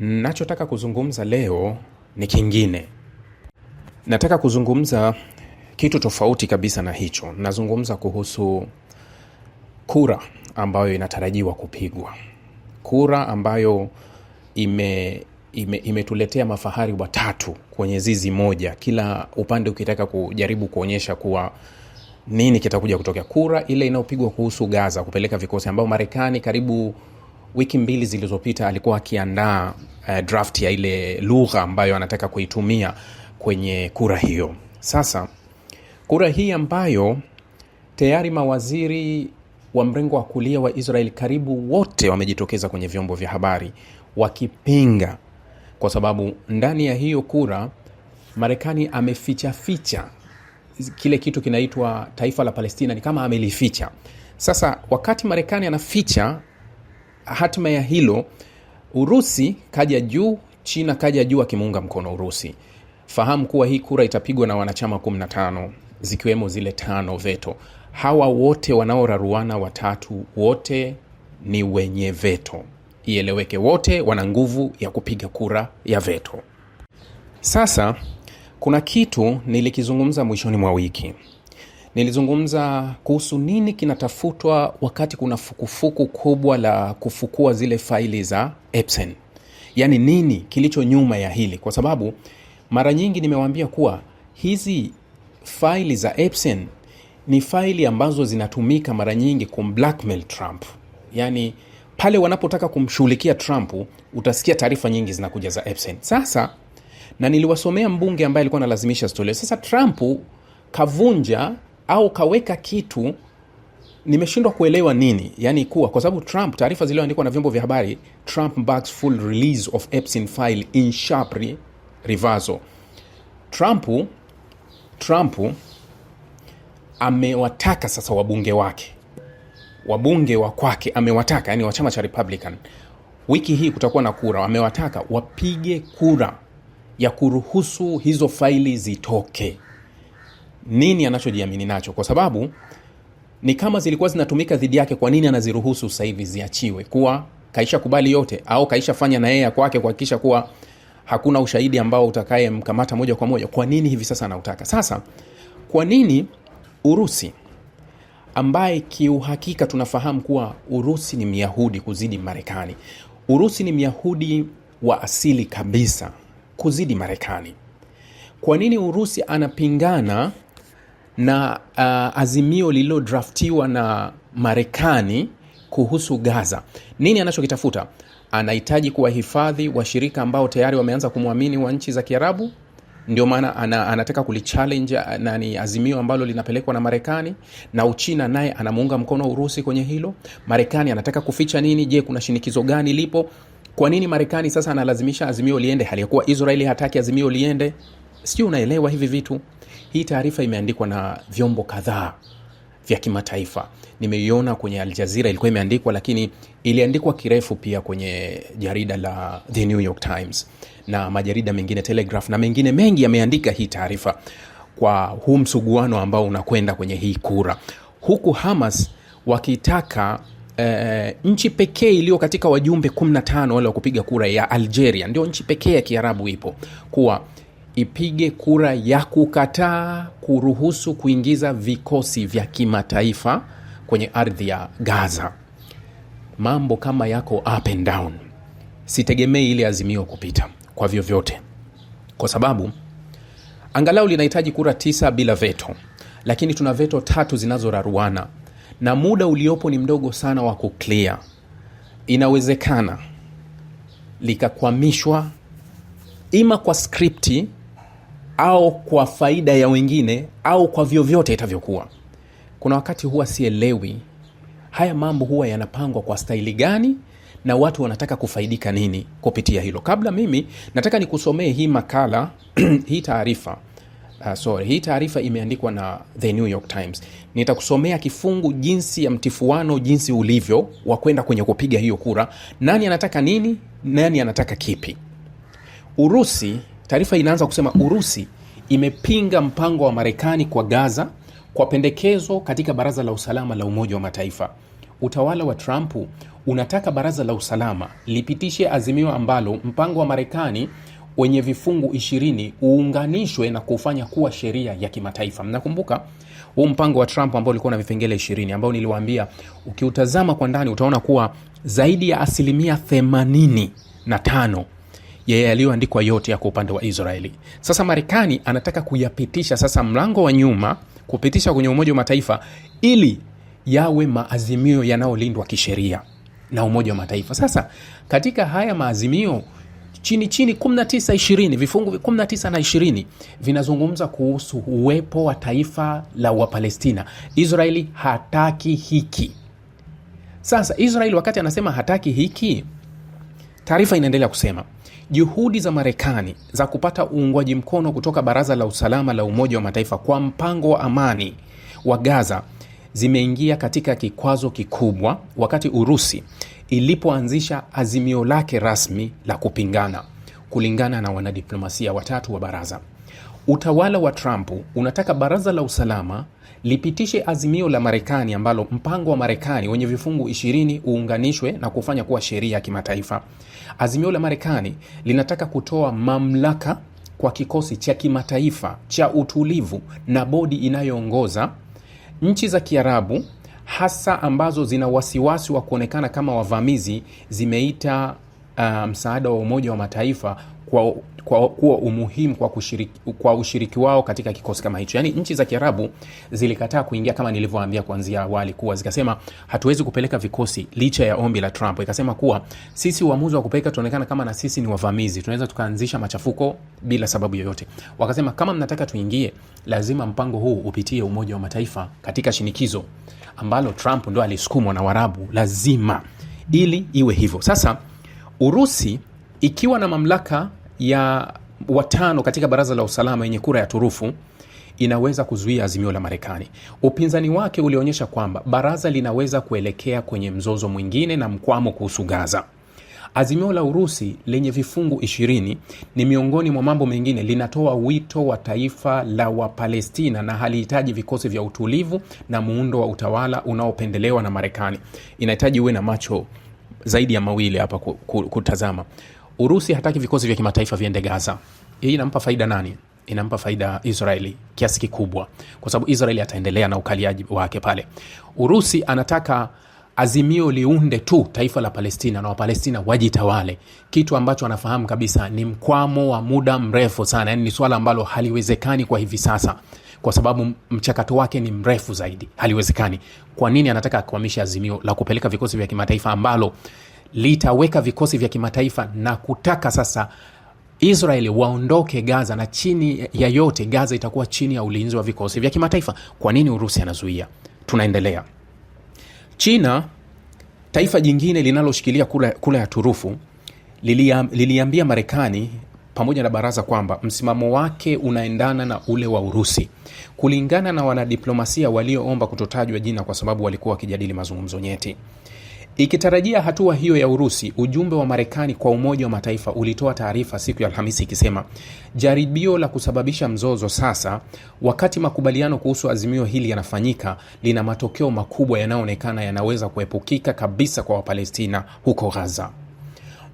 Nachotaka kuzungumza leo ni kingine. Nataka kuzungumza kitu tofauti kabisa na hicho. Nazungumza kuhusu kura ambayo inatarajiwa kupigwa, kura ambayo ime ime imetuletea mafahari watatu kwenye zizi moja, kila upande ukitaka kujaribu kuonyesha kuwa nini kitakuja kutokea. Kura ile inayopigwa kuhusu Gaza kupeleka vikosi, ambayo Marekani karibu wiki mbili zilizopita alikuwa akiandaa uh, draft ya ile lugha ambayo anataka kuitumia kwenye kura hiyo. Sasa kura hii ambayo tayari mawaziri wa mrengo wa kulia wa Israel karibu wote wamejitokeza kwenye vyombo vya habari wakipinga, kwa sababu ndani ya hiyo kura Marekani amefichaficha kile kitu kinaitwa taifa la Palestina, ni kama amelificha. Sasa wakati Marekani anaficha hatima ya hilo, Urusi kaja juu, China kaja juu akimuunga mkono Urusi. Fahamu kuwa hii kura itapigwa na wanachama 15 zikiwemo zile tano veto. Hawa wote wanaoraruana watatu, wote ni wenye veto. Ieleweke, wote wana nguvu ya kupiga kura ya veto. Sasa kuna kitu nilikizungumza mwishoni mwa wiki nilizungumza kuhusu nini kinatafutwa wakati kuna fukufuku kubwa la kufukua zile faili za Epson, yaani nini kilicho nyuma ya hili, kwa sababu mara nyingi nimewaambia kuwa hizi faili za Epson ni faili ambazo zinatumika mara nyingi kumblackmail Trump, yaani pale wanapotaka kumshughulikia Trump utasikia taarifa nyingi zinakuja za Epson. Sasa na niliwasomea mbunge ambaye alikuwa analazimisha stori. Sasa Trump kavunja au kaweka kitu nimeshindwa kuelewa nini yani kuwa kwa sababu Trump, taarifa zilizoandikwa na vyombo vya habari, Trump backs full release of Epstein file in sharp reversal. Trump, Trump amewataka sasa wabunge wake, wabunge wa kwake amewataka, yani wa chama cha Republican, wiki hii kutakuwa na kura, amewataka wapige kura ya kuruhusu hizo faili zitoke nini anachojiamini nacho, kwa sababu ni kama zilikuwa zinatumika dhidi yake. Kwa nini anaziruhusu sasa hivi ziachiwe? Kuwa kaisha kubali yote, au kaisha fanya na yeye kwake kuhakikisha kuwa hakuna ushahidi ambao utakayemkamata moja kwa moja. Kwa nini hivi sasa anautaka? Sasa kwa nini Urusi ambaye kiuhakika tunafahamu kuwa Urusi ni myahudi kuzidi Marekani, Urusi ni myahudi wa asili kabisa kuzidi Marekani. Kwa nini Urusi anapingana na uh, azimio lililodraftiwa na Marekani kuhusu Gaza. Nini anachokitafuta? Anahitaji kuwahifadhi washirika ambao tayari wameanza kumwamini wa nchi za Kiarabu. Ndio maana ana, anataka kulichallenge uh, nani azimio ambalo linapelekwa na Marekani na Uchina naye anamuunga mkono Urusi kwenye hilo. Marekani anataka kuficha nini? Je, kuna shinikizo gani lipo? Kwa nini Marekani sasa analazimisha azimio liende hali ya kuwa Israeli hataki azimio liende? sijui unaelewa hivi vitu. Hii taarifa imeandikwa na vyombo kadhaa vya kimataifa. Nimeiona kwenye Aljazira ilikuwa imeandikwa, lakini iliandikwa kirefu pia kwenye jarida la The New York Times na majarida mengine, Telegraph na mengine mengi yameandika hii taarifa kwa huu msuguano ambao unakwenda kwenye hii kura, huku Hamas wakitaka eh, nchi pekee iliyo katika wajumbe 15 wale wa kupiga kura ya Algeria, ndio nchi pekee ya Kiarabu ipo kuwa ipige kura ya kukataa kuruhusu kuingiza vikosi vya kimataifa kwenye ardhi ya Gaza. Mambo kama yako up and down, sitegemei ile azimio kupita kwa vyovyote, kwa sababu angalau linahitaji kura tisa bila veto, lakini tuna veto tatu zinazoraruana na muda uliopo ni mdogo sana wa kuklia. Inawezekana likakwamishwa ima kwa skripti au kwa faida ya wengine au kwa vyovyote itavyokuwa. Kuna wakati huwa sielewi haya mambo huwa yanapangwa kwa staili gani na watu wanataka kufaidika nini kupitia hilo. Kabla mimi nataka nikusomee hii makala hii taarifa uh, sorry, hii taarifa imeandikwa na The New York Times. Nitakusomea kifungu jinsi ya mtifuano jinsi ulivyo wa kwenda kwenye kupiga hiyo kura, nani anataka nini, nani anataka kipi. Urusi Taarifa inaanza kusema Urusi imepinga mpango wa Marekani kwa Gaza kwa pendekezo katika Baraza la Usalama la Umoja wa Mataifa. Utawala wa Trump unataka Baraza la Usalama lipitishe azimio ambalo mpango wa Marekani wenye vifungu ishirini uunganishwe na kufanya kuwa sheria ya kimataifa. Mnakumbuka huu mpango wa Trump ambao ulikuwa na vipengele ishirini ambao niliwaambia, ukiutazama kwa ndani utaona kuwa zaidi ya asilimia themanini na tano ya yaliyoandikwa yote yako upande wa Israeli. Sasa Marekani anataka kuyapitisha sasa mlango wa nyuma kupitisha kwenye Umoja wa Mataifa ili yawe maazimio yanayolindwa kisheria na Umoja wa Mataifa. Sasa katika haya maazimio chini chini 19 vifungu 19 na 20 vinazungumza kuhusu uwepo wa taifa la Wapalestina. Israeli hataki hiki. Sasa Israeli wakati anasema hataki hiki, taarifa inaendelea kusema Juhudi za Marekani za kupata uungwaji mkono kutoka Baraza la Usalama la Umoja wa Mataifa kwa mpango wa amani wa Gaza zimeingia katika kikwazo kikubwa wakati Urusi ilipoanzisha azimio lake rasmi la kupingana kulingana na wanadiplomasia watatu wa baraza. Utawala wa Trump unataka baraza la usalama lipitishe azimio la Marekani ambalo mpango wa Marekani wenye vifungu ishirini uunganishwe na kufanya kuwa sheria ya kimataifa. Azimio la Marekani linataka kutoa mamlaka kwa kikosi cha kimataifa cha utulivu na bodi inayoongoza nchi za Kiarabu hasa ambazo zina wasiwasi wa kuonekana kama wavamizi zimeita uh, msaada wa Umoja wa Mataifa kwa kwa kuwa umuhimu kwa, kushiriki, kwa ushiriki wao katika kikosi kama hicho. Yaani nchi za Kiarabu zilikataa kuingia kama nilivyoambia kuanzia awali kuwa zikasema hatuwezi kupeleka vikosi licha ya ombi la Trump. Ikasema kuwa sisi uamuzi wa kupeleka tunaonekana kama na sisi ni wavamizi. Tunaweza tukaanzisha machafuko bila sababu yoyote. Wakasema kama mnataka tuingie, lazima mpango huu upitie Umoja wa Mataifa katika shinikizo ambalo Trump ndo alisukumwa na warabu lazima ili iwe hivyo. Sasa Urusi ikiwa na mamlaka ya watano katika baraza la usalama yenye kura ya turufu inaweza kuzuia azimio la Marekani. Upinzani wake ulionyesha kwamba baraza linaweza kuelekea kwenye mzozo mwingine na mkwamo kuhusu Gaza. Azimio la Urusi lenye vifungu ishirini ni miongoni mwa mambo mengine, linatoa wito wa taifa la Wapalestina na halihitaji vikosi vya utulivu na muundo wa utawala unaopendelewa na Marekani. Inahitaji uwe na macho zaidi ya mawili hapa kutazama. Urusi hataki vikosi vya kimataifa viende Gaza. Hii inampa faida nani? Inampa faida Israeli kiasi kikubwa, kwa sababu Israeli ataendelea na ukaliaji wake pale. Urusi anataka azimio liunde tu taifa la Palestina na Wapalestina wajitawale, kitu ambacho anafahamu kabisa ni mkwamo wa muda mrefu sana, yani ni swala ambalo haliwezekani kwa hivi sasa kwa sababu mchakato wake ni mrefu zaidi, haliwezekani. Kwa nini anataka akwamisha azimio la kupeleka vikosi vya kimataifa ambalo litaweka vikosi vya kimataifa na kutaka sasa Israeli waondoke Gaza, na chini ya yote Gaza itakuwa chini ya ulinzi wa vikosi vya kimataifa. Kwa nini Urusi anazuia? Tunaendelea. China, taifa jingine linaloshikilia kula, kula ya turufu, liliambia Marekani pamoja na Baraza kwamba msimamo wake unaendana na ule wa Urusi. Kulingana na wanadiplomasia walioomba kutotajwa jina kwa sababu walikuwa wakijadili mazungumzo nyeti. Ikitarajia hatua hiyo ya Urusi, ujumbe wa Marekani kwa Umoja wa Mataifa ulitoa taarifa siku ya Alhamisi ikisema jaribio la kusababisha mzozo sasa, wakati makubaliano kuhusu azimio hili yanafanyika, lina matokeo makubwa yanayoonekana yanaweza kuepukika kabisa kwa Wapalestina huko Gaza.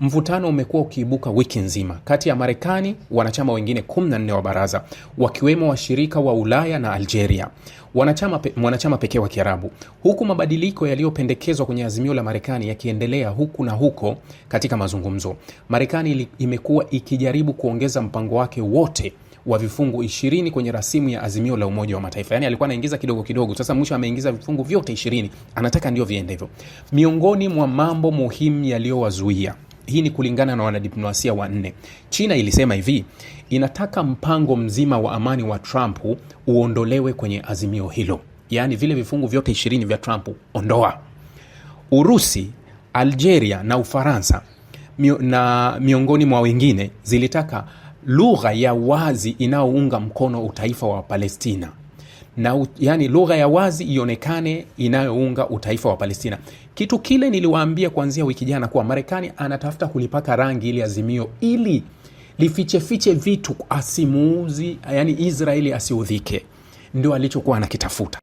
Mvutano umekuwa ukiibuka wiki nzima kati ya Marekani, wanachama wengine 14 wa baraza, wakiwemo washirika wa Ulaya na Algeria, wanachama pe, mwanachama pekee wa Kiarabu, huku mabadiliko yaliyopendekezwa kwenye azimio la Marekani yakiendelea huku na huko katika mazungumzo. Marekani imekuwa ikijaribu kuongeza mpango wake wote wa vifungu ishirini kwenye rasimu ya azimio la Umoja wa Mataifa. Yani alikuwa anaingiza kidogo kidogo, sasa mwisho ameingiza vifungu vyote ishirini, anataka ndio viende hivyo. Miongoni mwa mambo muhimu yaliyowazuia hii ni kulingana na wanadiplomasia wanne. China ilisema hivi, inataka mpango mzima wa amani wa Trump uondolewe kwenye azimio hilo, yaani vile vifungu vyote ishirini vya Trump ondoa. Urusi, Algeria na Ufaransa na miongoni mwa wengine zilitaka lugha ya wazi inayounga mkono utaifa wa Palestina na yani, lugha ya wazi ionekane inayounga utaifa wa Palestina. Kitu kile niliwaambia kuanzia wiki jana kuwa Marekani anatafuta kulipaka rangi ili azimio ili lifichefiche vitu asimuuzi, yani Israeli asiudhike, ndio alichokuwa anakitafuta.